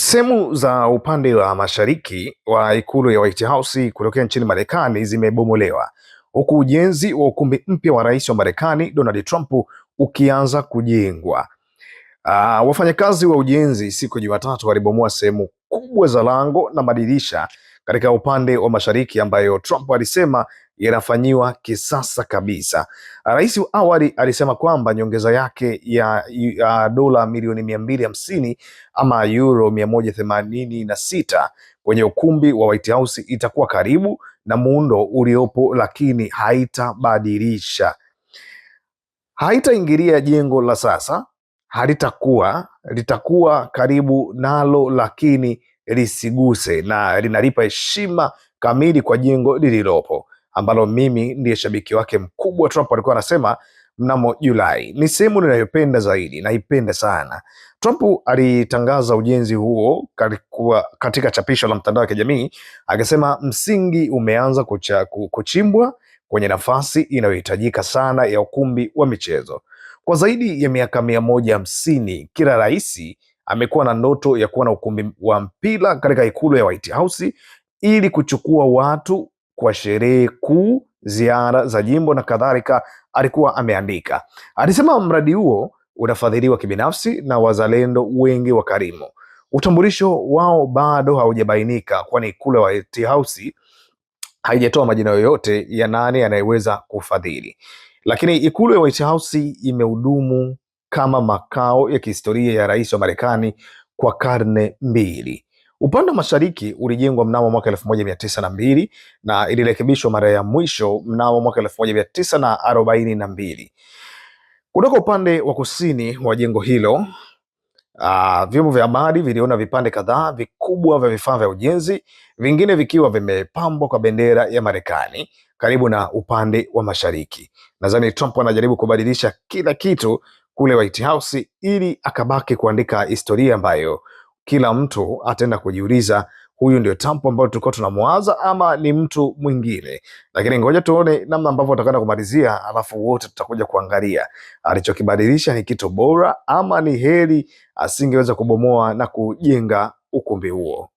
Sehemu za upande wa mashariki wa ikulu ya White House kutokea nchini Marekani zimebomolewa huku ujenzi wa ukumbi mpya wa rais wa Marekani Donald Trump ukianza kujengwa. Uh, wafanyakazi wa ujenzi siku ya Jumatatu walibomoa sehemu kubwa za lango na madirisha katika upande wa mashariki ambayo Trump alisema yanafanyiwa kisasa kabisa. Rais awali alisema kwamba nyongeza yake ya, ya dola milioni mia mbili hamsini ama euro mia moja themanini na sita kwenye ukumbi wa White House itakuwa karibu na muundo uliopo, lakini haitabadilisha, haitaingilia jengo la sasa, halitakuwa litakuwa karibu nalo, lakini lisiguse na linalipa heshima kamili kwa jengo lililopo ambalo mimi ndiye shabiki wake mkubwa. Trump alikuwa anasema mnamo Julai, ni sehemu ninayopenda zaidi, naipenda sana. Trump alitangaza ujenzi huo katika chapisho la mtandao wa kijamii akisema, msingi umeanza kucha, kuchimbwa kwenye nafasi inayohitajika sana ya ukumbi wa michezo. Kwa zaidi ya miaka mia moja hamsini kila rais amekuwa na ndoto ya kuwa na ukumbi wa mpira katika ikulu ya White House ili kuchukua watu kwa sherehe kuu, ziara za jimbo na kadhalika, alikuwa ameandika. Alisema mradi huo unafadhiliwa kibinafsi na wazalendo wengi wa karimu. Utambulisho wao bado haujabainika, kwani ikulu ya White House haijatoa majina yoyote ya nani anayeweza kufadhili, lakini ikulu ya White House imehudumu kama makao ya kihistoria ya rais wa Marekani kwa karne mbili. Upande wa mashariki ulijengwa mnamo mwaka elfu moja mia tisa na mbili na ilirekebishwa mara ya mwisho mnamo mwaka elfu moja mia tisa na arobaini na mbili. Kutoka upande wa kusini wa jengo hilo Uh, vyombo vya habari viliona vipande kadhaa vikubwa vya vifaa vya ujenzi, vingine vikiwa vimepambwa kwa bendera ya Marekani karibu na upande wa mashariki. Nadhani Trump anajaribu kubadilisha kila kitu kule White House ili akabaki kuandika historia ambayo kila mtu ataenda kujiuliza huyu ndio Trump ambayo tulikuwa tunamwaza ama ni mtu mwingine, lakini ngoja tuone namna ambavyo atakwenda kumalizia, alafu wote tutakuja kuangalia alichokibadilisha ni kitu bora ama ni heri asingeweza kubomoa na kujenga ukumbi huo.